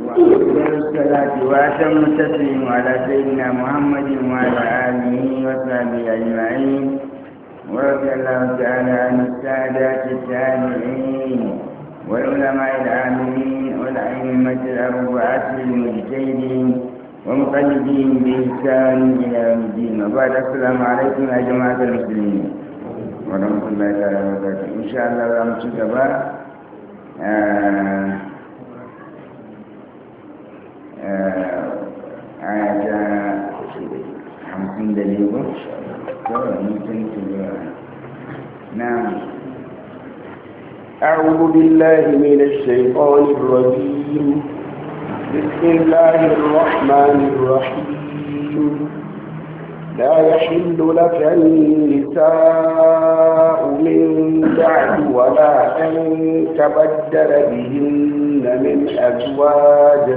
وأفضل الصلاة وأتم التسليم على سيدنا محمد وعلى آله وصحبه أجمعين ورضي الله تعالى عن السادات التابعين والعلماء العاملين والأئمة الأربعة المجتهدين ومقلدين بإحسان إلى يوم الدين وبعد السلام عليكم يا جماعة المسلمين ورحمة الله تعالى وبركاته إن شاء الله لا الله aya طيب، نعم. أعوذ بالله من الشيطان الرجيم بسم الله الرحمن الرحيم لا يحل لك النساء من بعد ولا أن تبدل بهن من أزواج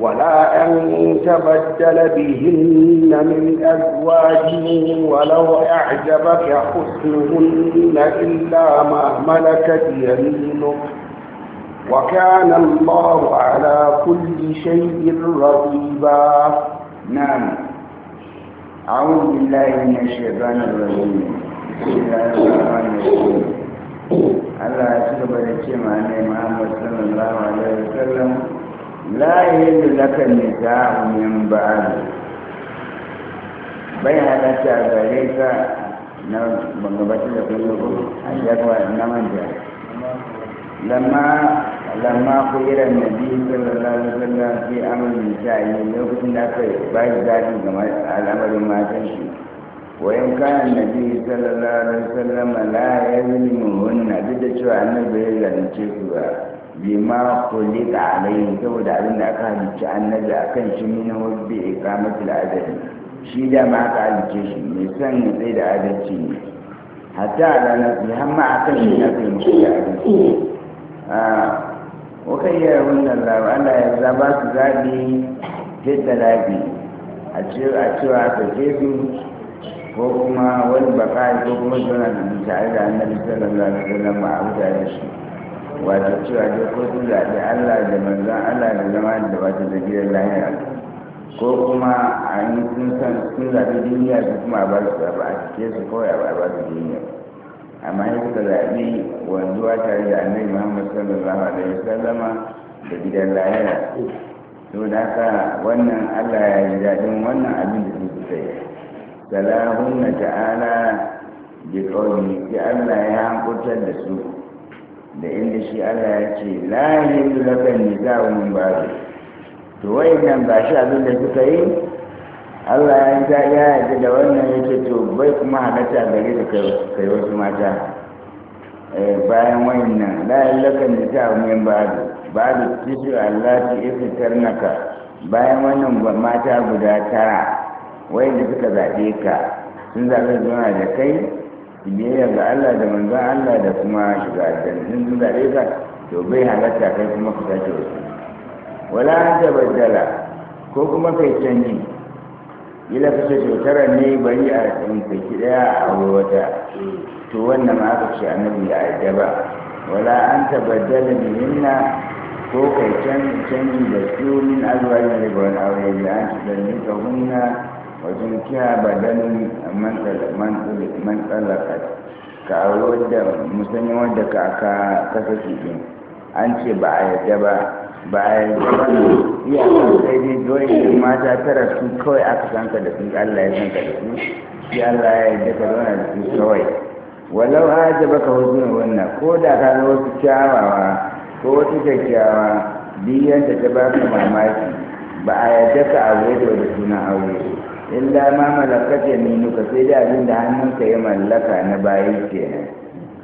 ولا أن تبدل بهن من أزواج ولو أعجبك حسنهن إلا ما ملكت يمينك وكان الله على كل شيء رقيبا نعم أعوذ بالله من الشيطان الرجيم بسم الله الرحمن الرحيم الله يسلمك يا محمد صلى الله عليه وسلم la yahillu laka nikah min ba'di bai halatta gare ka na magabatar da kun yi a shakwa na manja lamma lamma kuyira nabi sallallahu alaihi wasallam fi amrin nisa'i lokacin da aka bai zaɓi game al'amarin matan wayan kayan nabi sallallahu alaihi wasallam la yazlimuhunna duk da cewa annabi ya zalunce su ba bima kulika alaihi saboda abin da aka halicci annabi akan shi min hubbi iqamatul adali shi da ma aka halicce shi mai son ya tsaye da adalci ne hatta ala nafsi har ma akan shi na fahimci da adalci wakan yi wannan labar Allah ya zaba su zaɓi da lafi a cewa a sake su ko kuma wani baka ko kuma suna da tare da annabi sallallahu alaihi wasallam a mutane shi wato cewa dai ko sun zaɓi Allah da manzon Allah da zama da wato da gidan lahira ko kuma a yi sun san sun zaɓi duniya su kuma a ba su a cike su kawai a ba su duniya amma yi suka zaɓi wanzuwa tare da annabi Muhammad sallallahu alaihi wasallama da gidan lahira to da haka wannan Allah ya yi daɗin wannan abin da suka yi na ta'ala bi qawli ki Allah ya hankutar da su da inda shi Allah ya ce la yillu laka nizau min ba'd to nan ba shi abin da suka yi Allah ya ya ji da wannan yake to bai kuma halatta gare ka kai wasu mata eh, bayan wannan la yillu laka nizau min ba'd ba'd tisu allati iftarnaka bayan wannan mata guda tara wayanda suka zaɓe ka sun zaɓe zuwa da kai biyayya ga Allah da manzon Allah da kuma shiga aljanna sun zaɓe ka to bai halatta kai kuma ku sake wasu wala an tabaddala ko kuma kai canji ila kace shekara ne bari a in kai daya a wata to wannan ma aka ce annabi ya yarda ba wala an tabaddala minna ko kai canji da su min azwajin ga wani aure da an tabaddala hunna wajen kiya ba ganin man tsallaka ka wadda musanyi wadda ka aka kasa cikin an ce ba a yadda ba ba a yadda ba ne iya kan sai dai dole mata tara su kawai aka sanka da su allah ya sanka da su shi allah ya yadda ka zauna da su kawai walau yadda baka na wannan ko da ka zo wasu kyawawa ko wasu kyakkyawa biyan da ta baka mamaki ba a yadda ka aure da wani sunan aure In da ma malakata minuka sai da abin da hannunka ya mallaka na bayi kenan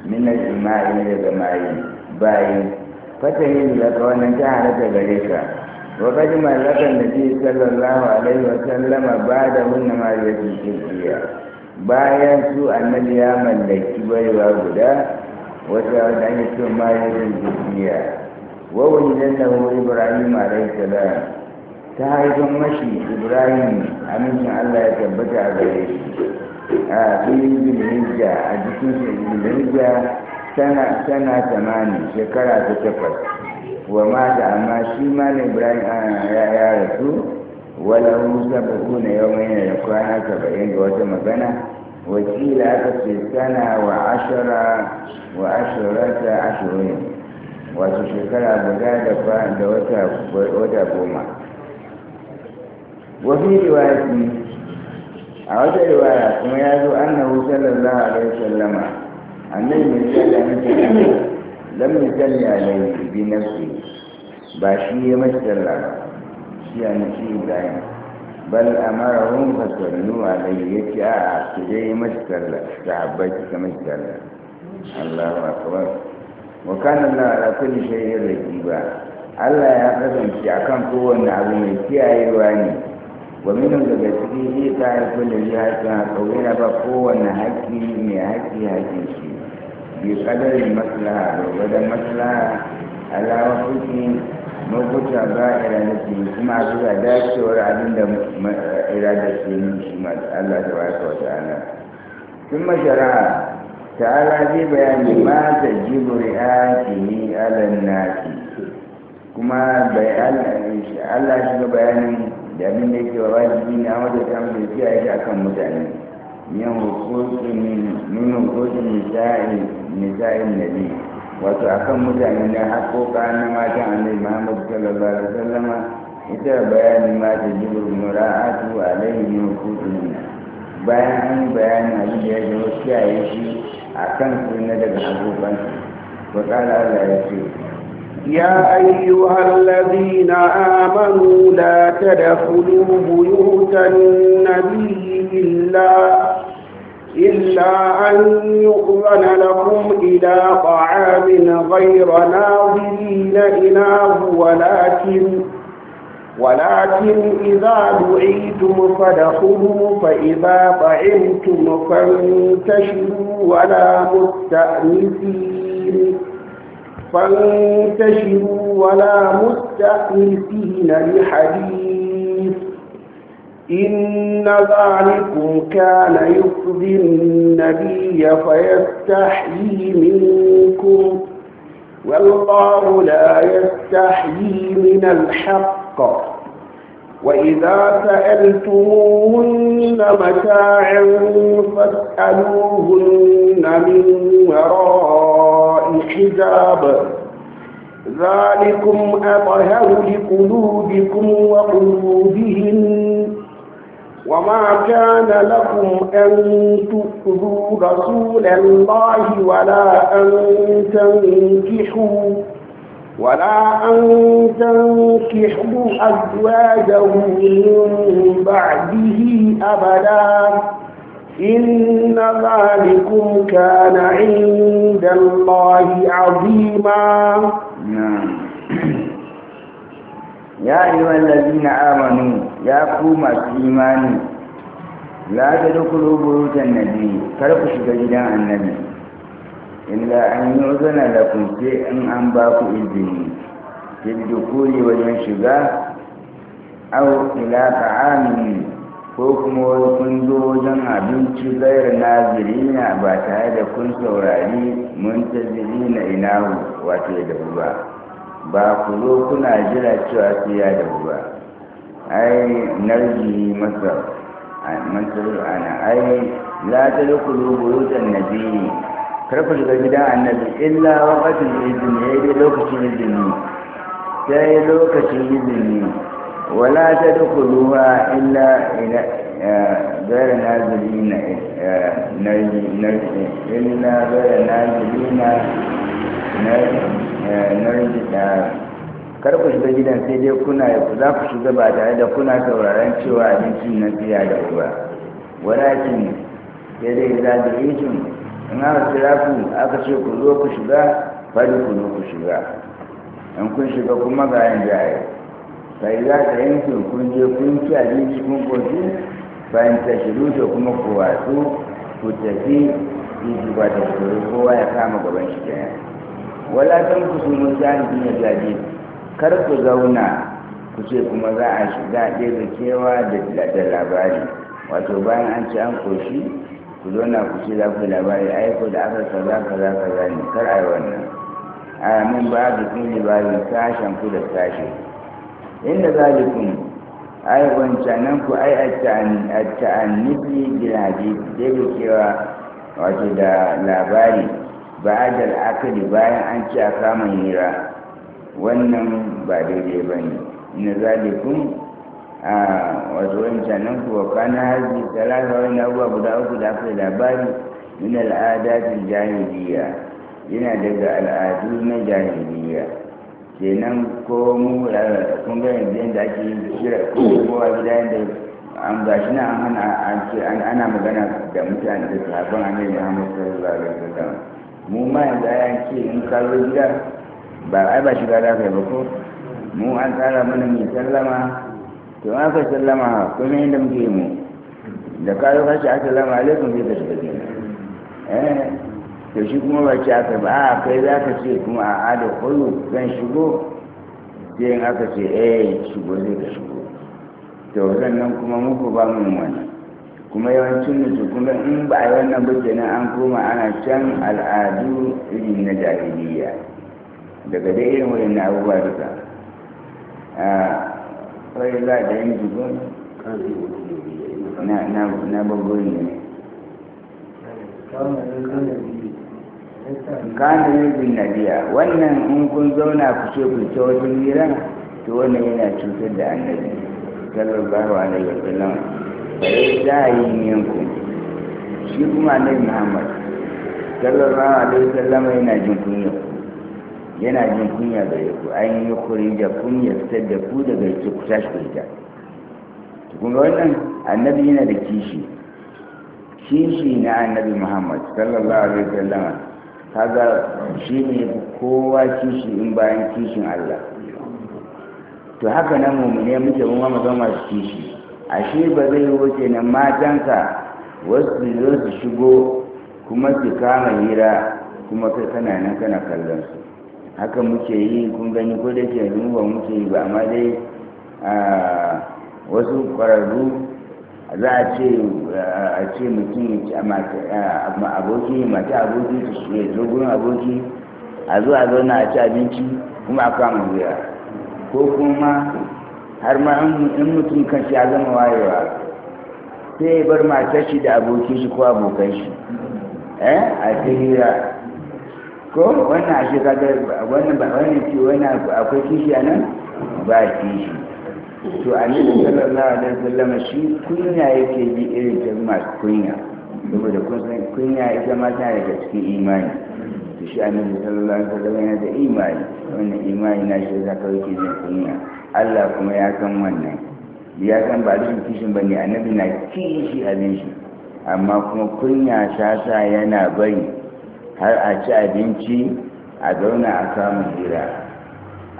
min al-ima'i daga mayi bayi yin laka wannan ta haraka gare ka wa mallakan da nabi sallallahu alaihi wa sallama da hunna ma yatiya bayan su annabi ya mallaki baiwa guda wata wadda ake cewa ma ya? yatiya wa wani lallahu ibrahim alaihi salam ta haifan mashi ibrahim amincin allah ya tabbata a gare shi a filin zulhijja a jikin zulhijja tana tana tamani shekara ta takwas wa mata amma shi malam ibrahim ya su wala musa buku na yau mai da kwana saba'in da wata magana wakila aka ce tana wa ashara wa ta ashirin wasu shekara guda da wata goma wafi riwayati a wata riwaya kuma ya zo annahu sallallahu alaihi wasallama annabi mai sallah ne lam yusalli alaihi bi nafsi ba shi ya mace sallah ba shi ya mace ibrahim bal amarahum fasallu alaihi yace a su je mace sallah sahabbai suka mace sallah Allahu akbar wa kana Allah ala kulli shay'in Allah ya kasance akan kowanne abu mai kiyayewa ne ومنهم لبسكي هي تعرف الذي هكا قوينا بقوة نهكي نهكي هكي شيء بقدر المصلحة وقدر المصلحة على وفكي mabuta ba irada ce kuma a zuwa dacewar abin da irada ce ne shi Allah da wata wata ala sun mashara ta'ala zai bayani ma ta jibri ne alan nasi kuma Allah shi ga bayanin da abin da yake wajibi na a wajen samun da kiyaye shi akan mutane min hukukin min ne nisa'in nisa'in nabi wato akan mutane na haƙoƙa na mata annabi Muhammad sallallahu alaihi wasallam ita bayanin ma ta jibu mura'atu alaihi min hukukin bayan an yi bayanin abin da ya zama kiyaye shi akan su na daga haƙoƙansu wa ƙara Allah ya ce يا أيها الذين آمنوا لا تدخلوا بيوت النبي إلا إلا أن يؤذن لكم إلى طعام غير ناظرين إناه ولكن ولكن إذا دعيتم فدخلوا فإذا طعمتم فانتشروا ولا مستأنسين فانتشروا ولا مستأنسين لحديث إن ذلكم كان يخزي النبي فيستحيي منكم والله لا يستحيي من الحق وإذا سألتموهن متاعا فاسألوهن من وراء وراء ذلكم أطهر لقلوبكم وقلوبهم وما كان لكم أن تؤذوا رسول الله ولا أن تنكحوا ولا أن تنكحوا أزواجه من بعده أبداً inna zalikum kana indallahi azima ya ayyuhal ladina amanu ya kuma imani la tadkhulu buyutan nabi kar ku shiga gidan annabi illa an yu'zana lakum fi an an ba ku izini ke dukuli wajen shiga aw ila ta'amin ko kuma kun zo wajen abinci na nazirina ba tare da kun saurari muntazirina inahu wato ya dabu ba ba ku zo kuna jira cewa su ya dabu ba ai narji masa mantar ana ai la ta lukulu buyutan nabi kar ku shiga gidan annabi illa waqatul izini yi lokacin izini sai lokacin izini ولا تدخلوها إلا إلى غير نازلين إلا غير نازلين نرجع kar ku shiga gidan sai dai kuna za ku shiga ba tare da kuna sauraron cewa abincin na siya da uwa walakin sai dai za da ikin in aka kira ku aka ce ku zo ku shiga fari ku zo ku shiga in kun shiga kuma ga yin jaye bai za ka yankin kun je kun ci abinci kun koshi bayan ta shiru da kuma ku watsu ku tafi iji ba ta shiru kowa ya kama gaban shi kenan wala kan ku su mun ta ni ya jaje. kar ku zauna ku ce kuma za a shiga ɗaya kewa da labari wato bayan an ci an koshi ku zauna ku ce za ku yi labari ko da aka kaza kaza kaza ne kar a yi wannan a min ba da kun libari sashen ku da sashen inda zalikun ai wancanan ku ai a ta'annifi bil hadith da cewa wato da labari ba da la'akari, bayan an ci a kama hira wannan ba daidai ba ne na zalikun a wato wancanan ku na haji talata wani abubuwa guda uku da aka labari min al'adatin jahiliya yana daga al'adu na jahiliya kenan ko mu kun ga yanzu yanda ake yin ko kowa gida yanda an gashi na an hana an ana magana da mutane da sahabban annabi Muhammad sallallahu alaihi wasallam mu ma yanzu an ce in ka zo gida ba ai ba shiga za kai yi ba ko mu an tsara mana mai sallama to an ka sallama kuma yadda muke mu da ka zo a assalamu alaikum zai ka shiga gida eh. to shi kuma ba ce aka ba a kai za ka ce kuma a ada kullu zan shigo sai in aka ce eh shigo zai ka shigo to sannan kuma muku ba mu wani kuma yawancin mutu kuma in ba a yi wannan ba kenan an koma ana can al'adu irin na jahiliya daga dai irin wani na abubuwa duka a kwarai za da yin jigon na babban ne kana yubin nabiya wannan in kun zauna ku ce ku ce wajen hira to wannan yana cutar da annabi sallallahu alaihi wa sallam bai za yi ku? shi kuma annabi muhammad sallallahu alaihi wa sallam yana jin kunya yana jin kunya ga ku an yi kuri da kunya fitar da ku daga yake ku tashi ku ita kun wannan annabi yana da kishi kishi na annabi muhammad sallallahu alaihi wa sallam kaga shi ne kowa kishi in bayan kishin Allah to haka nan mummune muke mun ma zama masu kishi ashe ba zai wuce nan matanka wasu zo su shigo kuma su kama hira kuma kai kana nan kana kallon su haka muke yi kun gani ko da ke muke yi ba amma dai ah, wasu ƙwararru za a ce a ce mutum ya ci aboki mace aboki shi zo gurin aboki a zuwa zauna a ci abinci kuma a kama wuya ko kuma har ma in mutum kan shi ya zama wayewa sai ya bar matar shi da aboki shi ko abokan shi eh a ce hira ko wannan a shekara wannan ba wani akwai kishi a nan ba kishi to a da sallallahu alaihi wasallam shi kunya yake ji irin ta masu kunya saboda kun san kunya ita ma tana daga cikin imani to shi annabi sallallahu alaihi wasallam yana da imani wannan imani na shi za ka yake jin kunya Allah kuma ya san wannan ya san ba rashin kishin ba ne annabi na kishi abin shi amma kuma kunya shasa yana bari har a ci abinci a zauna a samu jira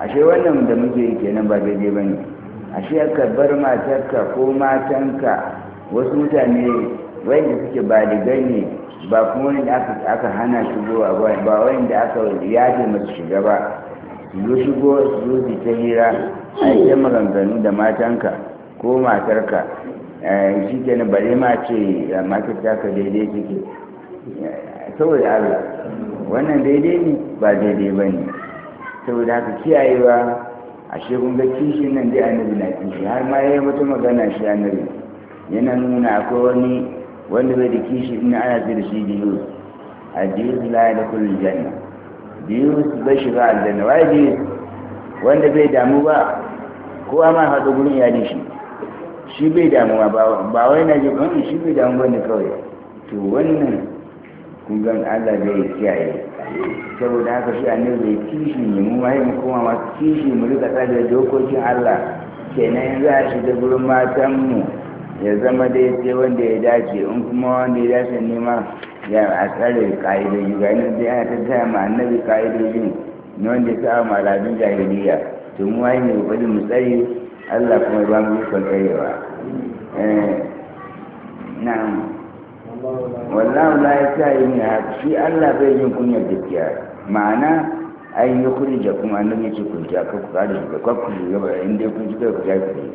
ashe wannan da muke kenan ba daidai ba ne ashe ka bar matarka ko matanka wasu mutane wanda suke ba da ne ba kuma wanda aka hana shigowa ba ba wanda aka yaje masu shiga ba zo shigo zo su ta hira a yi ta maganganu da matanka ko matarka eh, shi ke na bare ma ce matar ka daidai suke saboda allah wannan daidai ne ba daidai ba ne saboda haka kiyayewa ashe kun ga kishin nan dai annabi na kishi har ma yayi mata magana shi annabi yana nuna akwai wani wanda bai da kishi in ana ce da shi diyus a diyus la da kullu janna diyus bai shiga aljanna wai diyus wanda bai damu ba ko ma haɗu gurin iyalin shi shi bai damuwa ba wai na ji hmm, shi bai damu ba ne kawai to wannan kun gan Allah zai kiyaye saboda haka shi annabi zai kishi ne mu mai mu kuma ma kishi mu rika tsada dokokin Allah kenan za a shiga gurin mu ya zama dai sai wanda ya dace in kuma wanda ya dace ne ma ya a tsare ka'idoji ga nan dai ana ta ma annabi ka'idojin ne wanda ya sa ma al'adun jahiliya to mu mai mu bari mu tsare Allah kuma ya ba mu ikon tsarewa eh, na'am wallahu la yasa'i yin haq shi Allah bai yin kunyar gaskiya ma'ana an yi kuri da kuma annan yake kunta ka ku kada shi ka ku yi gaba in dai kun ji ku ya kuri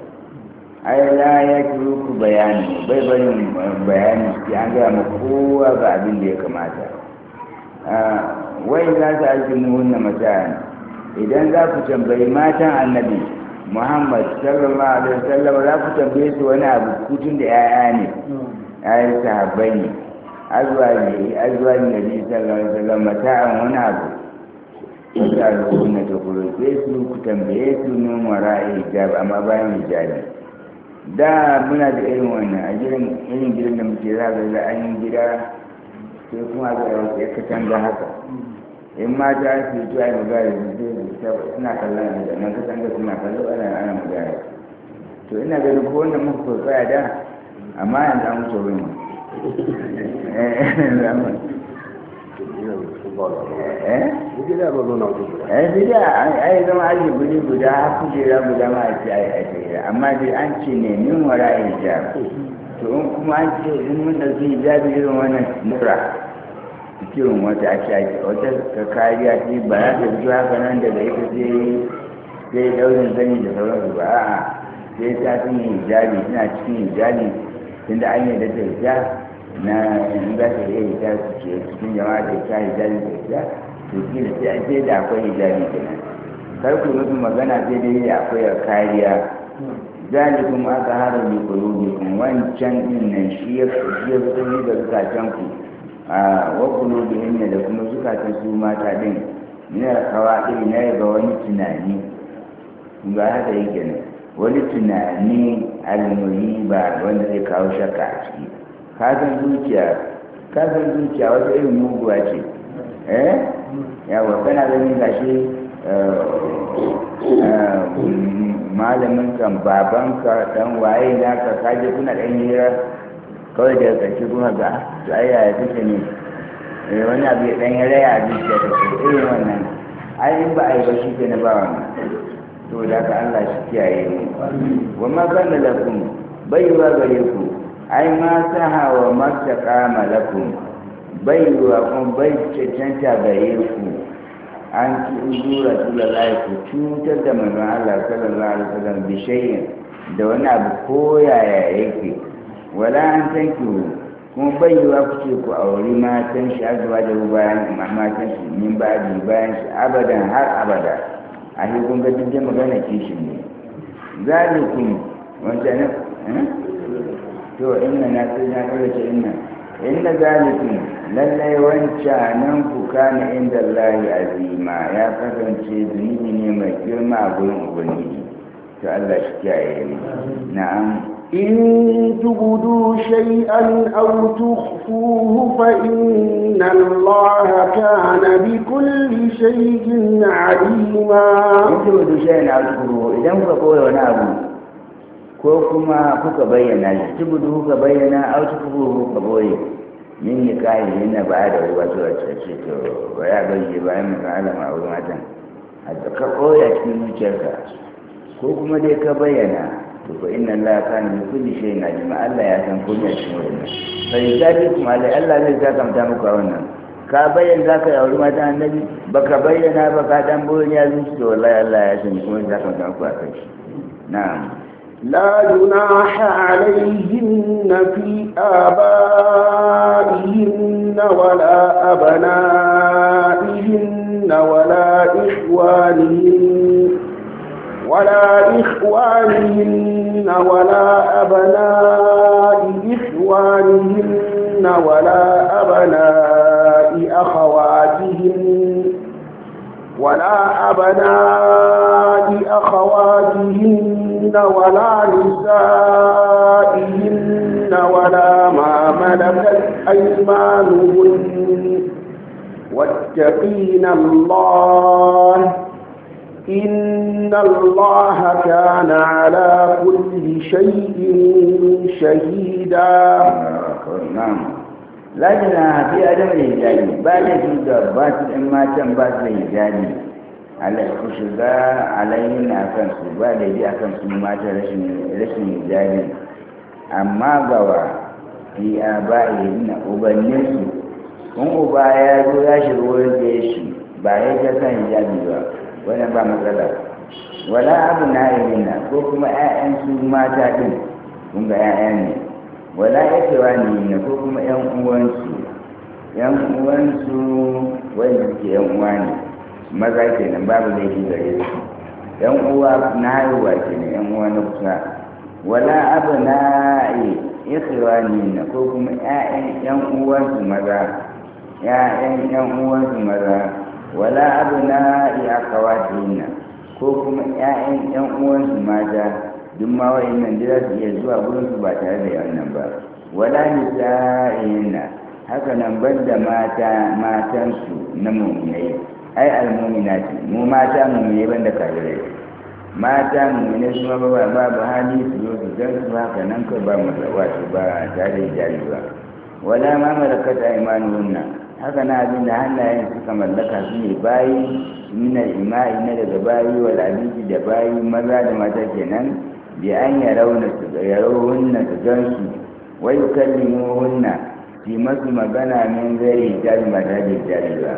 ai la ya kuru ku bayani bai barin bayani shi an gaya ma kowa ga abin da ya kamata wai za su aiki muhunna mata'an idan za ku tambayi matan annabi muhammad sallallahu alaihi wasallam za ku tambaye su wani abu kutun da 'ya'ya ne ayi sahabbai ne azwaji azwaji nabi sallallahu alaihi wasallam mata'an wani abu wata rukunan ta ke su ku tambaye su min ra'ayi hijab amma bayan hijabi da muna da irin wannan a gidan irin gidan da muke za ga da an yi gida sai kuma ga wasu ka katanga haka in ma ta su yi a magana da su suna kallon da nan katanga suna kallo ana ana magana to ina ganin ko muku muka tsaya da amma yanzu an wuce eh, wurin eh, eh, eh bida ai zama aji guri guda har kujera guda ma a ce ai a amma dai an ce wara hijab to in kuma an ce in mun da zai hijabi irin wannan nura kirin wata ake ake wata ka kariya ce ba za ta fito haka nan daga ita sai sai daurin sani da sauransu ba a'a sai ta hijabi tana cikin da an yi da ita na yanzu za ta iya ita su ce cikin jama'a da ta hijabi da ita to kila sai an ce da akwai hijabi kenan kar ku musu magana sai dai da akwai kariya zalikum azharu li kuma wancan din nan shi ya shi ya tsoni da can ku a da qulubihim da kuma can su mata din min kawa qawaid na ga wani tunani ba haka yake nan wani tunani almuni ba wanda zai kawo shakka a ciki kasan zuciya kasan zuciya wata irin muguwa ce eh yawa kana ganin gashi eh, eh, malamin kan babanka dan waye ka kaje kuna dan hira kawai ka ci kuma ga to ai ya take ne eh wani abu ya dan hira ya ji ta irin wannan ai ba ai ba shi ke na ba wannan to da ka Allah shi kiyaye mu wa ma kana lakum baiwa gare ku ai ma saha wa ma taqama lakum baiwa kun bai cancanta gare an ki uzura tula lai ku cutar da manzon Allah sallallahu alaihi wasallam bi shay'in da wani abu koyaya yake wala an tankihu kuma bai yiwa ku ce ku auri matan shi azuwa da bayan matan shi min ba bayan shi abadan har abada a yi kun ga duk magana kishin ne zalikum wancan eh? to inna na sai na ce inna inna zalikum lallai nan ku kana inda Allahi azima ya kasance zunubi ne mai girma a gurin ubangiji to Allah shi kiyaye ni na'am إن تبدوا شيئا أو تخفوه فإن الله كان بكل شيء عليما إن تبدوا شيئا أو تخفوه إذا مفقوا ونعبوا ko kuma kuka bayyana shi tubudu kuka bayyana au tubudu kuka boye min ya kai yana ba da ruwa zuwa ce to ba bayan mu ka alama a wurin matan a ka koya cikin zuciyarka ko kuma dai ka bayyana فإن الله كان من كل شيء عليما الله يا كان كل شيء عليما فيسابقكم على الله زي كم تامك wannan ka bayyana za ka yauri mata annabi ba ka bayyana ba ka dan burin ya zuci to wallahi Allah ya sani kuma za ka samu a kai na'am la junaha alayhin fi abaihin wala abnaihin wala ikhwanihin ولا إخوانهن ولا أبناء إخوانهن ولا أبناء أخواتهن ولا أبناء أخواتهن ولا نسائهن ولا ما ملكت أيمانهن واتقين الله إن الله كان على كل شيء شهيدا نعم لكن في أدم الإنجاج بعد ذلك بات إما كان بات الإنجاج على الخشباء عليهم أكن سبا لدي أكن سبا رشن إنجاج أما غوا في آبائهم أبنسوا kun uba ya zo ya shiga wurin da ya shi ba ya ta kan hijabi ba wannan ba matsala wala abu na na ko kuma 'ya'yan su mata ɗin kun ga 'ya'ya ne wala yakewa ne ko kuma 'yan uwansu wani uwansu wanda suke 'yan uwa ne maza kenan babu laifi gare su 'yan uwa na haihuwa kenan 'yan uwa na kusa wala abu na yi ko kuma 'ya'yan 'yan uwansu maza 'ya'yan 'yan uwansu maza wala kawa dina ko kuma ƴaƴan ƴan uwansu mata duk ma wayannan da za su iya zuwa gurin su ba tare da yawan ba wala nisa'ihinna haka nan banda mata matansu na mu'minai ai almu'minati mu mata mu'minai banda kafirai mata ne kuma ba babu hali su zo su gan su haka nan ka ba mu wato ba tare da jari ba wala ma malakat aymanuhunna haka na abin da hannayen suka mallaka su ne bayi minar ima'i na daga bayi wa abinci da bayi maza da mata kenan bi an ya rauna su gan su wai mu hunna fi masu magana min zai jari mata da jari ba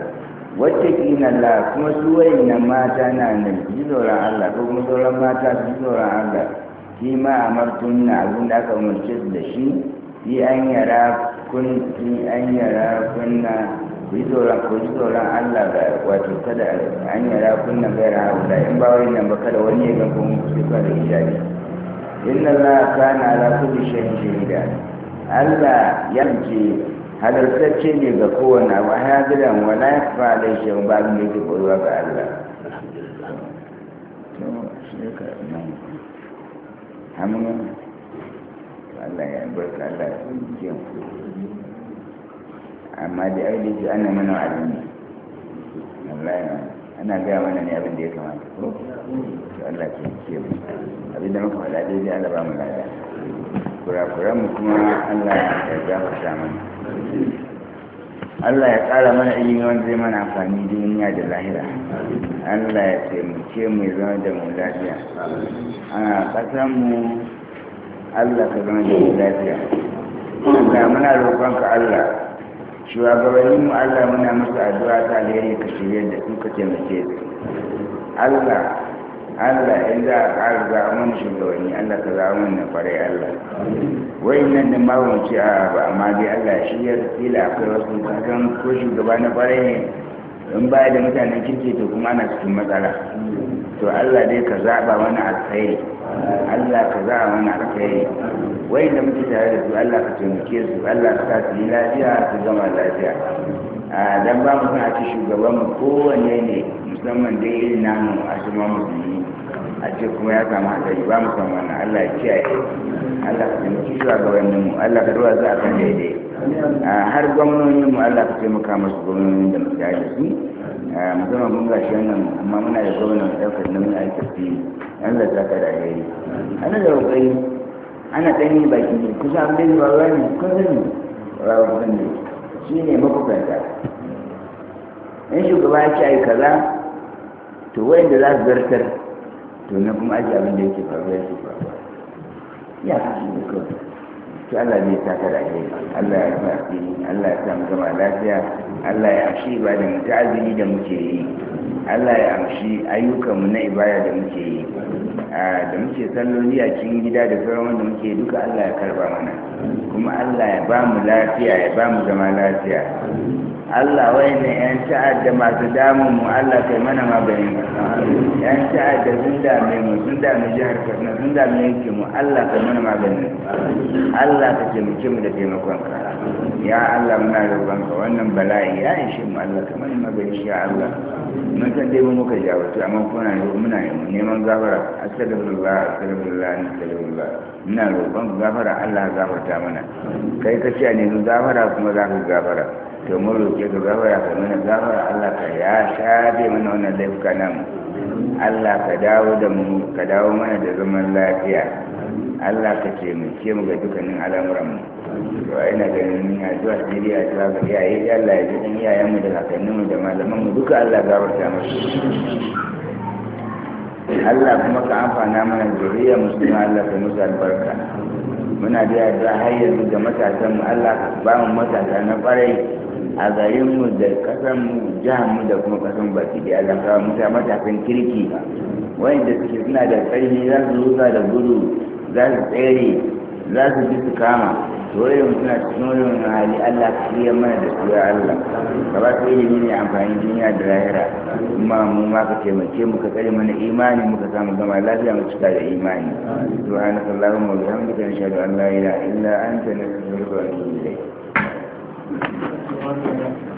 wacce kina la kuma su na mata na nan ji tsoron Allah ko kuma sauran mata su ji tsoron Allah shi ma a na abin da aka umarce su da shi fi an yara kun yi an yara kunna ku ko tsoron Allah ga wato kada an yara kunna ga yara haula in ba wani nan ba kada wani ya ga kun kusa da hijabi inna Allah kana ala kulli shay'in shahida Allah yanke halartacce ne ga kowane abu gidan wala ya fa da shi ba mu yake koyuwa ga Allah to shi ka nan Allah ya albarka Allah ya tsinke mu amma da ainihi ana mana alimi wallahi ana gaya mana ne abin da ya kamata ko to Allah ya tsinke mu abin da muka faɗa daidai Allah ba mu lada kura mu kuma Allah ya mu mana Allah ya ƙara mana ilimi wanda zai mana amfani duniya da lahira Allah ya taimake mu ya zama da mu lafiya a ƙasar mu Allah ka zama da lafiya ga muna roƙon ka Allah shugabannin mu Allah muna musu addu'a ta alheri ka shirye da su ka taimake su Allah Allah in za a ƙara a mana shugabanni Allah ka za a mana farai, Allah wai nan da mawance a ba amma dai Allah shi ya kila akwai wasu kasan ko shugaba na farai ne in baya da mutanen kirki to kuma ana cikin matsala to Allah dai ka zaɓa wani alkhairi Allah ka zaɓa wani alkhairi wai da muke tare da su Allah ka taimake su Allah ka su yi lafiya su gama lafiya a dan ba mu a ci shugaban mu kowanne ne musamman dai irin namu a cikin musulmi a ce kuma ya samu hadari ba mu san wannan Allah ya kiyaye Allah ka taimake shugabannin mu Allah ka dora za a kan daidai har gwamnonin mu Allah ka taimaka masu gwamnonin da muke da su musamman mun ga shi nan amma muna da gwamnan ɗaukar nan muna aiki fi an da zaka da yayi ana da kokari ana ɗan yi baki ne kusa an da ba ruwa ne kun sani rawa kun ne shi ne mafukanta in shugaba ya ce ai kaza to da za su zartar to na kuma ake abin da yake faruwa yake faruwa ya kashi ne kawai sai Allah zai taka da alheri Allah ya sa Allah ya sa mu zama lafiya Allah ya ashe ba da mu da muke yi Allah ya amshi ayyukanmu na ibada da muke yi da muke salloli a cikin gida da sauran wanda muke duka Allah ya karba mana kuma Allah ya ba mu lafiya ya ba mu zama lafiya Allah wai ne yan ta'adda masu damun mu Allah kai mana ma maganin yan ta'adda sun dame mu sun dame jihar Kaduna sun dame yanke mu Allah kai mana ma maganin Allah ka taimake mu da taimakon ka ya Allah muna roƙon ka wannan bala'i ya ishe mu Allah kai mana maganin ya Allah san dai mun muka jawo wato amma kuna ne muna neman gafara astaghfirullah astaghfirullah astaghfirullah ina roƙon gafara Allah gafarta mana kai ka ce ne gafara kuma za ka gafara to mun roƙe ka gafara ka mana gafara Allah ka ya shafe mana wannan laifuka nan Allah ka dawo da mu ka dawo mana da zaman lafiya Allah ka ce mu ce mu ga dukkanin al'amuran mu to ina ganin ina zuwa sai dai a ga iyaye ya Allah ya ji dan iyayen mu da kakannin mu da malaman mu duka Allah ya gafarta musu Allah kuma ka amfana mana zuriya musulma Allah ka musu albarka muna da yadda har yanzu ga matasan mu Allah ka ba mu matasa na kwarai a garin mu da kasan mu jihar mu da kuma kasan baki da Allah ka muta matasan kirki wanda suke suna da tsari za su rusa da gudu za su tsere za su ji su kama mutum suna cikin wani hali Allah ka iya mana da su Allah ka ba su ilimi ne amfani duniya da lahira kuma mu ma ka taimake mu ka tsare mana imani muka samu gama lafiya mu cika da imani subhanaka allahumma wa allah nashhadu an la ilaha illa anta nastaghfiruka wa natubu ilayk